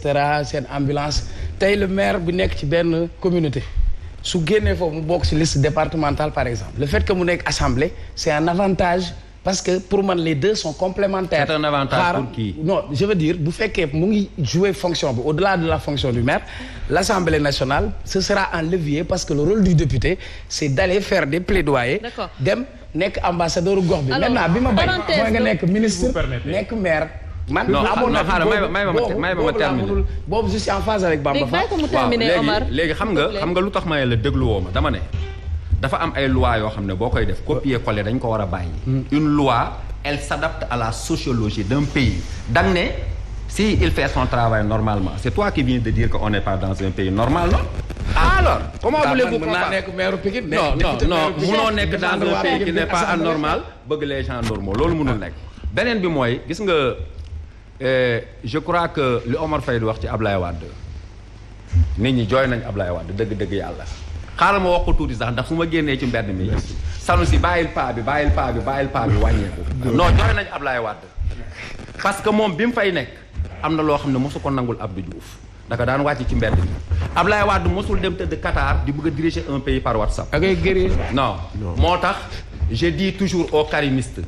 cetera seen ambulance tey le maire bu nekk ci benn communauté su génnee foofu mu bokk ci liste départementale par exemple le fait que mu nekk assemblée c'est un avantage parce que pour man les deux sont complémentaires. c'est un avantage Par, pour qui? non je veux dire bu fekkee mu ngi jouer fonction bi au-delà de la fonction du maire l'Assemblée nationale ce sera un levier parce que le rôle du député c'est d'aller faire des plaidoyers. d'accord dem nekk ambassadeur gox bi. maintenant bi ma bañ mooy nga maire. man amoon na may ma ma terminer boobu je en phase avec Bamba Fall waaw léegi léegi xam nga xam nga lu tax ma la dégluwoo ma dama ne dafa am ay loi yoo xam ne boo koy def copier coller dañ ko war a bàyyi une loi elle s'adapte à la sociologie d'un pays dang ne si il fait son travail normalement c'est toi qui viens de dire qu'on n'est pas dans un pays normal non alors comment voulez munoo nekk dans un pays bëgg les gens normaux loolu mënul nekk beneen bi mooy gis nga Euh, je crois que li Omar Faye di wax ci Ablaye Wade nit ñi jooy nañ lay Wade dëgg-dëgg yàlla xaaral ma wax ko tuuti sax ndax su ma génnee ci mbedd mi sanu si bàyyil paa bi bàyyil paa bi bàyyil paa bi wàññeeku non jooy nañ ab Ablaye Wade parce que moom bi mu fay nekk am na loo xam ne mosu ko nangul Abdou Diouf daka daan wàcc ci mbedd mi Ablaye Wade mosul dem tëdd Qatar di bëgg a diriger un pays par WhatsApp. da ngay gëree moo tax je di toujours aux karimistes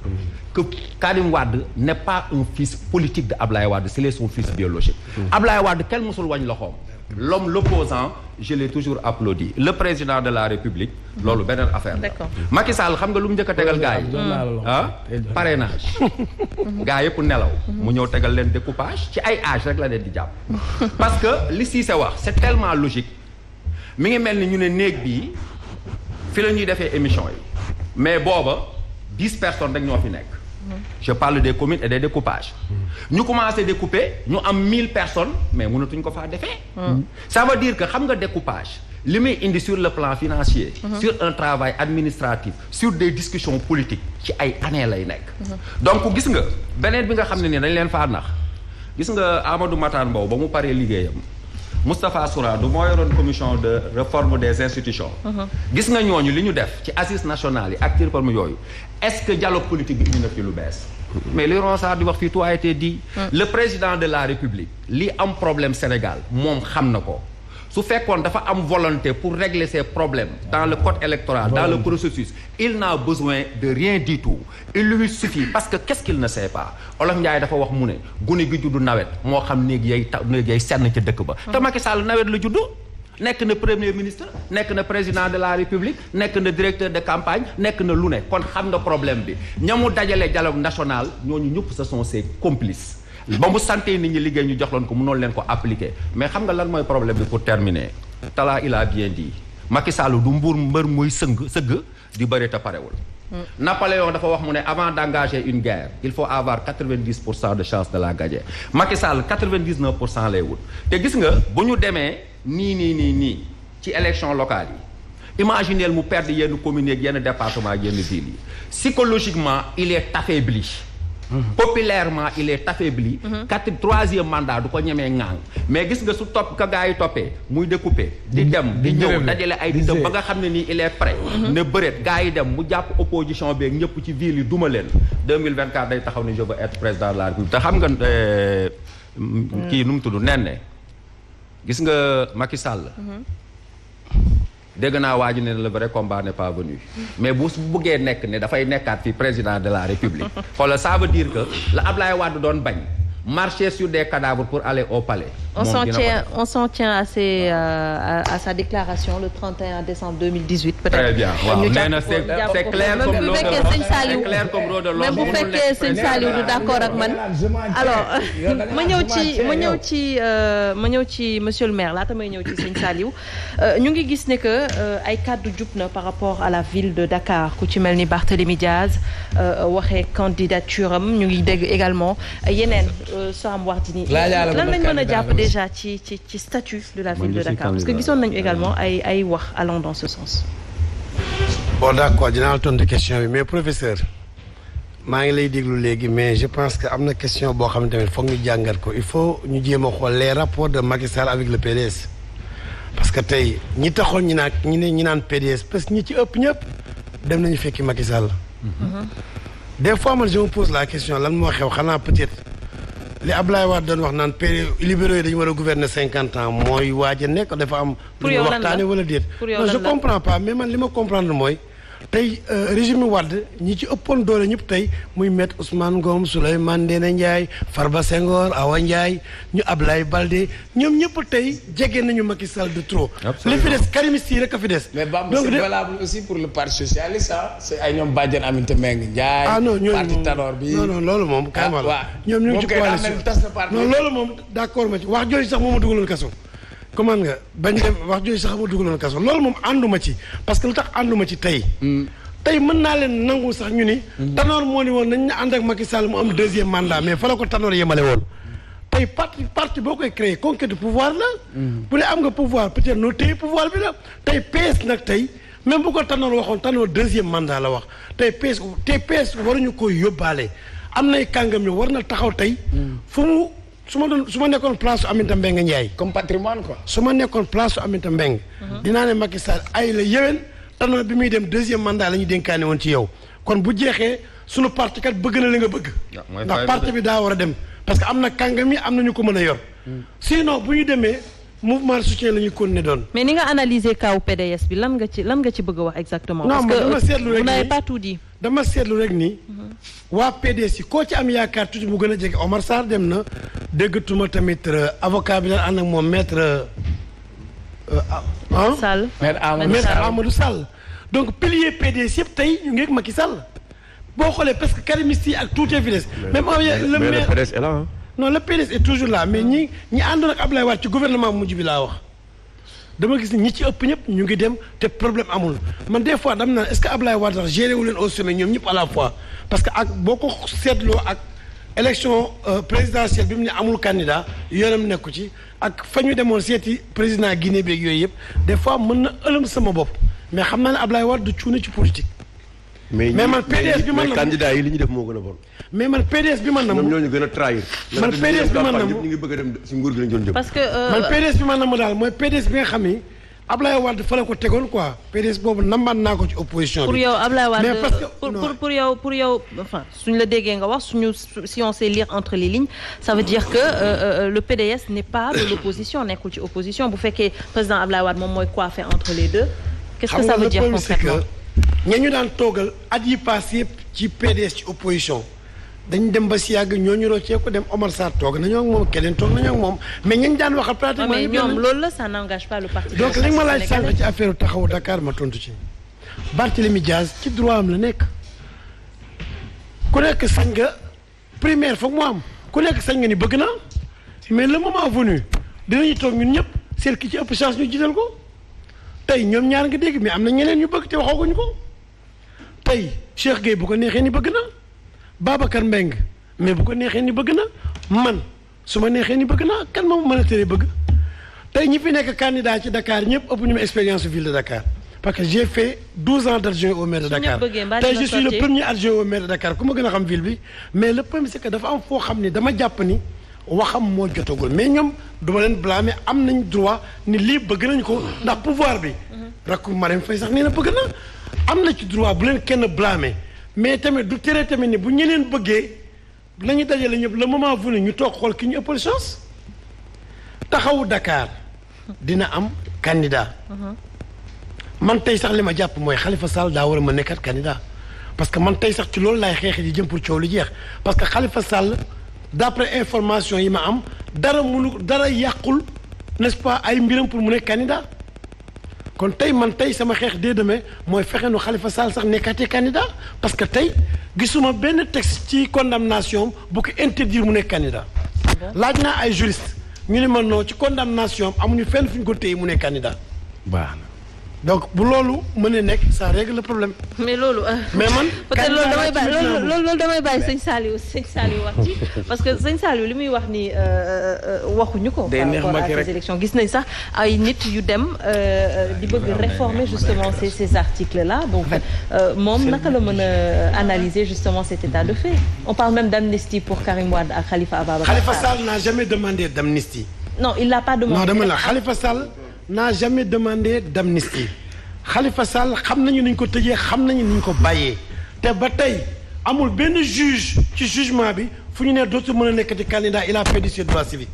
que Karim Wade n'est pas un fils politique de Ablaye Wade c'est est son fils biologique. Hmm. Ablaye Wade kenn mosul wàññi loxoom. l'homme l'opposant je l'ai toujours applaudi le président de la république loolu beneen affaire la Macky Sall xam nga lu mu njëkk a tegal gars yi hmm. ah parrainage hmm. gars yëpp nelaw mu ñëw tegal leen découpage ci ay âge rek la leen di jàpp parce que li Cissé wax c'est tellement logique mi ngi mel ni ñu ne néeg bi fi la ñuy defee émission yi mais booba dix personnes rek ñoo fi nekk Mm-hmm. je parle des communes et des découpages. Mm-hmm. ñu commencé découper ñu am mille personnes mais mënatuñ ko faa defee. Mm-hmm. ça veut dire que xam nga découpage li muy indi sur le plan financier. sur un travail administratif sur des discussions politiques ci ay années lay nekk. donc gis nga beneen bi nga xam ne ni dañ leen faa nax gis nga Amadou Mahtar Mbow ba mu paree liggéeyam. Moustapha Sourado moo yoroon commission de réforme des institutions. Uh-huh. gis nga ñooñu li ñu def ci assises nationale yi ak ci réforme yooyu est-ce que dialogue politique bi indi na fi lu bees. mais li Ronsard di wax fii tout a été dit. Uh-huh. le président de la République. li am problème Sénégal moom xam na ko. su fekkoon dafa am volonté pour régler ses problèmes dans le code électoral dans le processus il n'a besoin de rien du tout il lui suffit parce que qu'est-ce qu'il ne sait pas Olof Ndiaye dafa wax mu ne gune gi juddu nawet moo xam néeg yay ta néeg yay senn ca dëkk ba te Macky Sall nawet la juddu nekk na premier ministre nekk na président de la république nekk na directeur de campagne nekk na lu ne kon xam nga problème bi ña mu dajale dialogue national ñooñu ñëpp ce sont ses complices ba mu santee nit ñi liggéey ñu jox leen ko mënoon leen ko appliquer mais xam nga lan mooy problème bi pour terminer Talla il a bien dit Macky du mbuur mbër muy sëng sëgg di bëri te parewul mm. Napoléon dafa wax mu ne avant d'engager une guerre il faut avoir quatre-vingt-dix pour cent de chance de la gagner Sall quatre vingt dix pour cent lay wut te gis nga bu ñu demee nii nii nii nii ci élection locale yi imaginez mu perdre yenn communes yeeg yenn département yenn villes yi psychologiquement il populairement il est affaibli. Mhm. quatre troisième mandat du ko ñemee ŋaang mais gis nga su top ka gars yi toppee muy découpé. di dem di ñëw dajale ay nitam ba nga xam ne nii il est prêt. Mhm. ne bëreet gars yi dem mu jàpp opposition beeg ñëpp ci ville yi duma leen vingt 2024 day taxaw ne je veux être président de la République te xam nga euh, kii nu mu tudd nen gis nga Macky Sall. Mhm. dégg naa waa ji ne le vrai combat n'est pas venu mais bu buggee nekk ne dafay nekkaat fi président de la république xoolal ça veut dire que la Ablaye Wade doon bañ marché sur de cadavres pour aller au palais on s'en tient on s'en tient à euh, sa déclaration le 31 décembre 2018. peut-être très bien waaw nee na c'est de l'orange même bu fekkee sëñ Saliou d'accord ak man. alors ma ñëw ci ma ñëw ci euh, ci monsieur le maire laata may ñëw ci sëñ Saliou euh, ñu ngi gis ne que ay kàddu jub na par rapport à la ville de Dakar ku ci mel ni Barthélémy Diaz waxee candidature am ñu ngi dégg également yeneen Soham Wardini lan lañ mën a jàpp déjà ci ci ci statut de la ville de Dakar parce que gisoon nañu également ay ay wax allant dans ce sens. bon d'accord dinaa la tontu question bi mais professeur maa ngi lay déglu léegi mais je pense que am na question boo xam ni tamit foog ñu jàngat ko il faut ñu jéem a xool les rapports de Macky Sall avec le PDS. parce que tey ñi taxoon ñi naan ñi ne ñi naan PDS parce que ñi ci ëpp ñëpp dem nañu fekki Macky Sall. Mhm. des fois man je me pose la question lan moo xew xanaa peut-être. li Ablaye Wade doon wax naan période libéraux yi dañu war a gouverner cinquante ans mooy waaj a nekk dafa am. pour yow lan la wala déet. je comprends pas mais man li ma comprendre mooy. tey euh, régime Wade ñi ci ëppoon doole ñëpp tey muy maître Ousmane Ngom Souleymane Ndéné far Farba Senghor Awa Ndiaye ñu Ablaye Baldé ñoom ñëpp tey jege nañu Macky Sall de trop. li fi des karimiste rek a fi des. mais pour le parti ñoom Badiane Aminata Mbengue Ndiaye. ah non ñooñu parti Tanor bi non non loolu moom. ah waaw ñoom ñu ci coalition non loolu moom d'accord ma ci wax jooju sax moom ma dugaloon kaso. comment nga bañ dem wax jooju sax ma dugaloon kaso loolu moom ànduma ci parce que lu tax ànduma ci tey. Hmm. tey mën naa leen nangu sax ñu ni. Hmm. Tanor moo ni woon nañ na ànd ak Macky Sall mu am deuxième mandat mais fa la ko Tanor yemale woon. tey parti parti boo koy créé conquête pouvoir la. Hmm. bu dee am nga pouvoir peut-être noo téye pouvoir bi la tey PS nag tey même bu ko Tanor waxoon Tanor deuxième mandaa la wax tey PS tey PS waruñu koy yóbbaale am nay kàngam ñu war na taxaw tey. fu mu su ma doon su ma nekkoon place su Aminata Mbengue Ndiaye. comme patrimoine ko su ma nekkoon place su Aminata Mbengue. Uh-huh. dinaa ne Macky Sall ay la yéwén. bi muy dem deuxième mandat la ñu dénkaane woon ci yow kon bu jeexee sunu parti kat bëgg na li nga bëgg. Ah, ndax parti bi daa war a dem. parce que am na kàngam am na ñu ko mën a yor. Hmm. sinon bu ñu demee mouvement de soutien la ñuy continuer doon. mais ni nga analyser kaw PDS bi lan nga ci lan ci bëgg a wax exactement. parce que dama seetlu rek n pas tout dama seetlu rek nii. Uh-huh. waa PDS koo ci am yaakaar tuuti mu gën a jege Omar Sarr dem na. déggatuma tamit euh, avocat bi daan ànd ak moom maître. Euh, euh, ah Sall maître Amadou Sall donc pilier PDS yëpp tey ñu ngi ak ki Sall boo xoolee parce que karimiste ak tuutee fi des. même le maire le PDS est là non le toujours là mais ñi àndoon ak Abdoulaye Wade ci gouvernement mujj bi laa wax. dama gis ni ñi ci ëpp ñëpp ñu ngi dem te problème amul man des fois dam na est-ce que Abdoulaye Wade sax géré leen au sommet ñoom ñëpp à la fois parce que ak boo ko seetloo ak. élection euh, présidentielle bi mu ne amul candidat yoonam nekku ci ak fa ñu demoon seeti président Guinée beeg yooyu yëpp des fois mën na ëlëm sama bopp mais xam naa ne Ablaye Wade du cuune ci politique. mais man PDS bi man na a bon. mais man PDS bi man na. ñoom ñoo ñu gën a trahir. man PDS bi man na a dem si euh, daal mooy PDS bi nga xam ni. Ablaye Wade fa la ko tegoon quoi PDS boobu nambaat naa ko ci opposition bi. pour yow Ablaye Wade mais parce que pour pour pour yow pour yow enfin suñ la déggee nga wax suñu si on sait lire entre les lignes ça veut dire que euh, euh, le PDS n'est pas de l'opposition nekkul ci opposition bu fekkee président Ablaye Wade moom mooy coiffé entre les deux. qu'est-ce que ça veut dire concrètement xam nga le problème c'est que ña ñu daan toogal at yi paas yëpp ci PDS ci opposition. dañ dem ba si yàgg ñooñu roccee ko dem Omar Sarr toog nañoo ak moom keneen toog nañoo moom mais ñañ daan waxal pratiquement. mais ñoom loolu la ça n'engage pas le parti. donc li ma laaj sànq ci affaire taxawu Dakar ma tontu ci. Barthélemy Diaz ci droit am la nekk ku nekk sañ nga première foog mu am ku nekk sañ nga ni bëgg na mais le ma venu dinañu toog ñun ñëpp seet ci ëpp chance ñu jiital ko tey ñoom ñaar nga dégg mais am na ñeneen ñu bëgg te waxaguñ ko tey Cheikh Gueye bu ko neexee ni bëgg na. Babacar Mbengue mais bu ko neexee ni bëgg na man su ma neexee ni bëgg na kenn moom mën a tere bëgg tey ñi fi nekk candidat ci Dakar ñëpp ëpp ñu ma expérience ville de Dakar parce que j'ai fait 12 ans d'adjoint au mais de Dakar tey je suis le premier adjoint au maire de Dakar ku ma gën a xam ville bi mais le problème c'est dafa am foo xam ni dama jàpp ni waxam moo jotagul mais ñoom duma leen blâmer am nañ droit ni lii bëgg nañ ko ndax pouvoir bi mhm. rakku Marème Faye sax nee na bëgg na am na ci droit bu leen kenn blâmer mais tamit du tere tamit ni bu ñeneen bëggee nañu dajale ñëpp le moment venu ñu toog xool ki ñu ëppal chance taxawu dakaar dina am candidat mm-hmm. man tey sax li ma jàpp mooy xalifa Sall daa war a ma nekkat candidat parce que man tey sax ci loolu laay xeexe di jëmpul pour coow lu jeex parce que Khalifa Sall d'après information yi ma am dara munu dara yàqul n'est-ce pas ay mbiram pour mu nekk candidat kon tey man tey sama xeex dee demee mooy fexe nu Khalifa Sall sax nekkaatee candidat parce que tey gisuma benn texte ci condamnation bu ko interdire mu nekk candidat. laaj naa ay juriste ñu ne man non ci condamnation amuñu fenn fu ñu ko téye mu nekk candidat. baax na. donc bu loolu mënee nekk ça règle le problème. mais loolu. Euh, mais man peut loolu damay bàyyi loolu loolu damay bàyyi sëñ Saliou sëñ Saliou wax parce que sëñ Saliou li muy wax ni euh, euh, waxuñu ko. day neex mbokk rek élection gis nañ sax ay nit yu dem di bëgg réformer justement ces ces articles là donc moom naka la mën a analyser justement cet état de fait. on parle même d'amnistie pour Karim Wade ak Khalifa Ababacar Khalifa Sall n'a jamais demandé d'amnistie. non il l'a pas demandé. non Khalifa Sall. n'a jamais demandé d'amnistie xalifa Sall xam nañu ni ñu ko tëjee xam nañu nuñ ko bàyyee te ba tey amul benn juge ci jugement bi fu ñu ne dootul mën a nekkati candidat il a perdu ses droits civiques.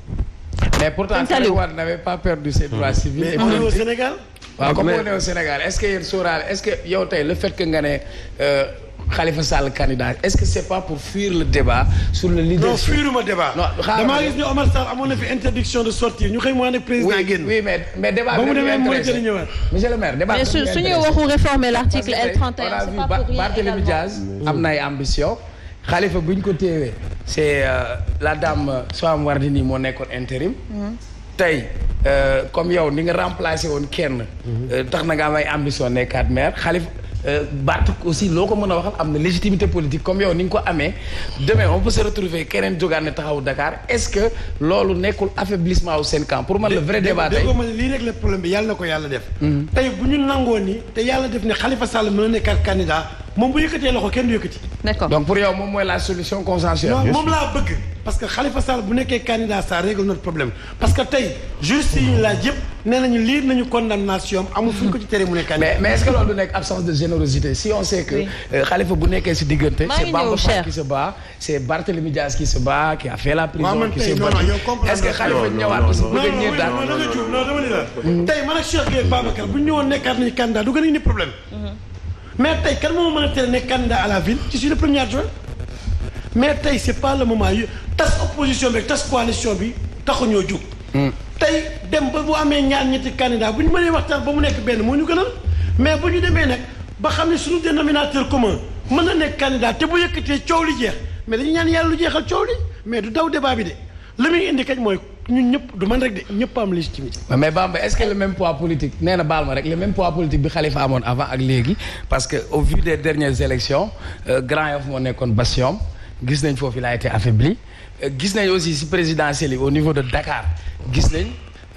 mais pourtant Karim Wade n'avait pas perdu ses droits hmm. civiques. mais on au Sénégal. waaw comme on est au Sénégal est-ce que yéen sóoraale est-ce que yow tey le fait que nga ne. Euh, xalifa Sall candidat est-ce que c'est pas pour fuir le débat sur le leadership. non fuiruma débat. non damaa gis ne Omar Sarr amoon na fi interdiction de sortir ñu xëy mu ne président génn. oui mais mais débat bi dañuy intéressé monsieur le maire débat bi dañuy intéressé mais suñu waxu réformer l'article L31 c'est pas am na ay ambition. Khalifa bu ñu ko téewee c'est euh, la dame euh, Soham Wardini moo nekkoon intérim. Mhm. tey euh, comme yow ni nga remplacé woon kenn. Mhm. tax na nga am ay Euh, Barth aussi loo ko mën a waxal am na légitimité politique comme yow ni nga ko amee demain on peut se retrouver keneen jógaan ne taxaw Dakar est-ce que loolu nekkul affaiblissement wu seen camp pour man le vrai débat tey ma ne lii problème bi yàlla na ko yàlla def mhm. tey bu ñu nangoo ni te yàlla def ne Khalifa Sall mën a nekkaat moom bu yëkkatee loxo kenn du yëkkati. d'accord donc pour yow moom mooy la solution consensuelle. moom laa bëgg. parce que Khalifa Sall bu nekkee candidat ça règle problème parce que tey juriste yi ñu laaj yëpp nee nañu lire nañu condamnation amul fu ñu ko ci tere mu nekk candidat. mais mais est-ce que loolu du nekk absence de générosité si diggante. maa ngi ñëw cher c'est Bamba Fall qui se bat c'est qui se bat qui qui se bat est-ce que Khalifa ñëwaat parce que bëgg nañu daal non non non non non non non mais tey kan moo mën a tere nekk candidat à la ville ci suis le premier juin mais tey c' est pas le moment yu tas opposition bi tas coalition bi taxuñoo jóg. Hmm. tey dem ba bu amee ñaar ñetti candidat bu ñu mënee waxtaan ba mu nekk benn moo ñu gënal mais bu ñu demee nag ba xam ne suñu dénominateur commun mën na nekk candidat te bu yëkkatee coow li jeex mais dañu ñaan yàlla lu jeexal coow li mais du daw débat bi de li muy indi kañ mooy. ñun ñëpp du man rek de ñëpp am légitimité. mais Bamba est-ce que le même poids politique nee na baal ma rek le même poids politique bi Khalifa amoon avant ak léegi parce que au vu des dernières élections euh, Grand Yoff moo nekkoon bastion gis nañ foofu il a été euh, gis nañ aussi si présidentielle yi au niveau de Dakar gis nañ.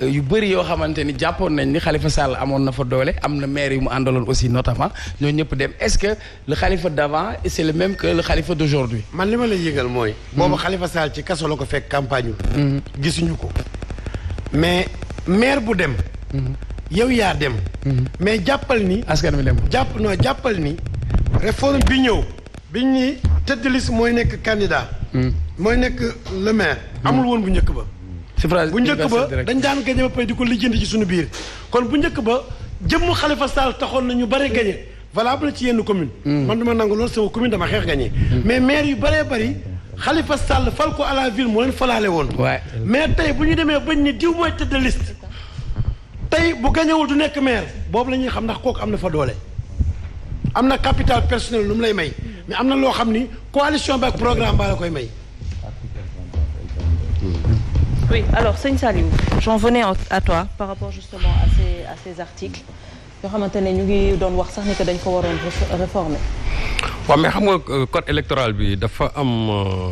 Euh, yu bëri yoo xamante ni jàppoon nañ ni xalifa Sall amoon na fa doole am na maire yu mu àndaloon aussi notamment ñoo ñëpp dem est-ce que le Khalifa d'avant c'est le même que le de d'aujourd'hui man li ma la yëgal mooy boobu mm-hmm. Khalifa Sall ci kaso ko fekk campagne ul mm-hmm. gisuñu ko mais maire bu dem mm-hmm. yow yaa dem mais jàppal ni askan mi dem jàpp non jàppal ni réforme bi ñëw bi ñuy tëdd liste mooy nekk candidat mm. mooy nekk le maire mm. amul woon bu njëkk ba suffrage bu njëkk ba dañ daan gagné ba pare di ko lijjanti ci suñu biir kon bu njëkk ba jëmm Khalifa Sall taxoon na ñu bari gagné valable ci yenn commune hmm. man dama nangu loolu sama commune dama xeex gagné hmm. mais maire yu baree bari Khalifa Sall fal ko à la ville moo leen falaale woon mais tey bu ñu demee bañ ni diw mooy tëdd liste tey bu gañewul du nekk maire boobu la ñuy xam ndax kooku am na fa doole am na capital personnel lu mu lay may mais am na loo xam ni coalition ba ak programme baa koy may Oui, alors sëñ Saliou j'en venais à toi par xamante ne ñu ngi wax sax ni dañ ko waroon réformer. waaw xam nga euh, code électoral bi dafa am euh,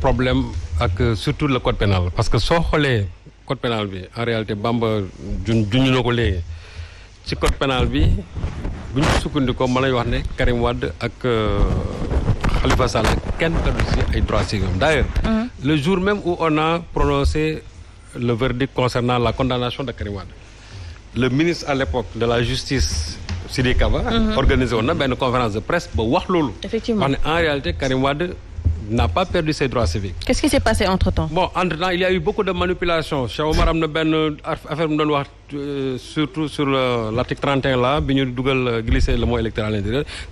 problème ak euh, surtout le code pénal parce que soo xoolee code pénal bi en réalité Bamba jun ko léegi ci code pénal bi bu ñu sukkandikoo ma nañu wax ne Karim wàdd ak. Khalifa Sall kenn tanu ay droits civiques d' mhm. le jour même où on a prononcé le verdict concernant la condamnation de Karim le ministre à l'époque de la justice Sidi Kaba. Mhm. organisé woon na benn conférence de presse ba wax loolu. effectivement en réalité Karim Wade n'a pas perdu ses droits civiques. qu'est-ce qui s'est passé entre temps. il y a eu beaucoup de manipulations Cheikh Omar am na benn affaire mu doon wax. surtout sur l'article 31 là bi ñu dugal euh, glisser le mot électoral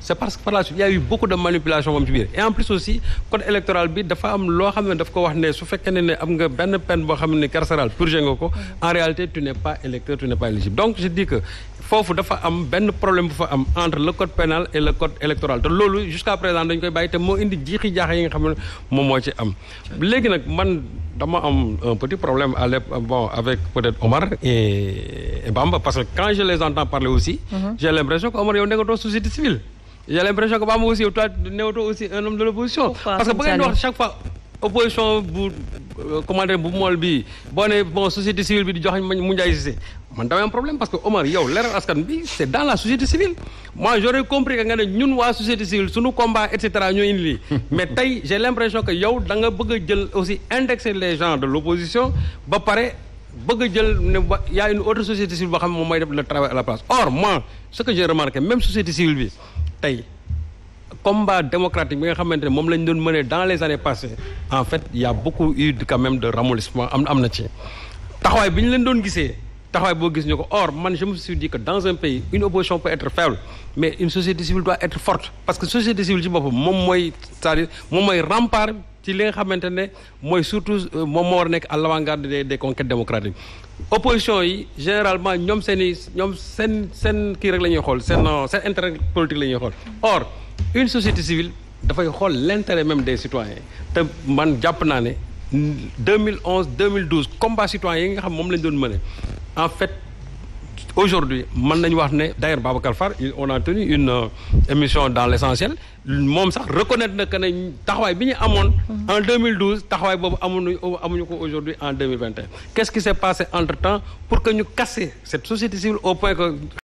c'est parce que par la suite il y a eu beaucoup de manipulation moom ci biir et en plus aussi code électoral bi dafa am loo xam ne daf ko wax ne su fekkee ne ne am nga benn peine boo xam ne carcérale purgé nga ko en réalité tu n'es pas électeur tu n'es pas éligible donc je dis que foofu dafa am benn problème bu fa am entre le code pénal et le code électoral te loolu jusqu'à présent dañ dama am un petit problème à bon avec peut-être Omar et, et Bamba quand je les entends parler aussi. Mhm. j'ai l'impression que Omar yow société civile. j'ai l'impression que aussi toi nekkatoo aussi un homme de l'opposition parce que ba ngeen di fois opposition bu. commandant bu mool bi boo ne bon société civile bi di jox ma mu njaay Cissé man damay am problème parce que Omar yow leeral askan bi c' dans la société civile moi j'aurais compris que nga ne ñun waa société civile suñu combat et cetera ñoo indi lii mais nga bëgg jël aussi indexer les gens de l' opposition ba pare bëgg jël ne ba y' a une autre société civile boo xam moo moom mooy def le travail à la place or moi ce que j'ai remarqué même société civile bi tey combat démocratique nga xamante ne moom lañ doon mënee dans les années passées en fait y a beaucoup eu de ramollissement am na ci taxawaay bi ñu leen doon gisee taxawaay boo gis ñu ko or man je me suis dit que dans un pays une opposition peut être faible mais une société civile doit être forte parce que société civile ci boppam moom mooy c'est-à-dire moom mooy rempart ci li nga xamante ne mooy surtout euh, moom moo war a nekk à l'avant-garde des des conquêtes démocratiques opposition ñoom seen i ñoom seen seen kii rek la ñuy xool seen seen intérêt politique la ñuy xool or une société civile dafay xool l'intérêt même des citoyens te man jàpp naa ne 2011 2012 citoyen yi nga xam moom lañ doon mëne en fait aujourd'hui mën nañu wax ne d'ailleurs Babacar Fall on a tenu une euh, émission dans l'essentiel moom sax reconnaître na que ne taxawaay bi ñu amoon en 2012 taxawaay boobu amuñu amuñu ko aujourd'hui en 2021 qu'est-ce qui s'est passé entre temps pour que ñu casser cette société civile au point que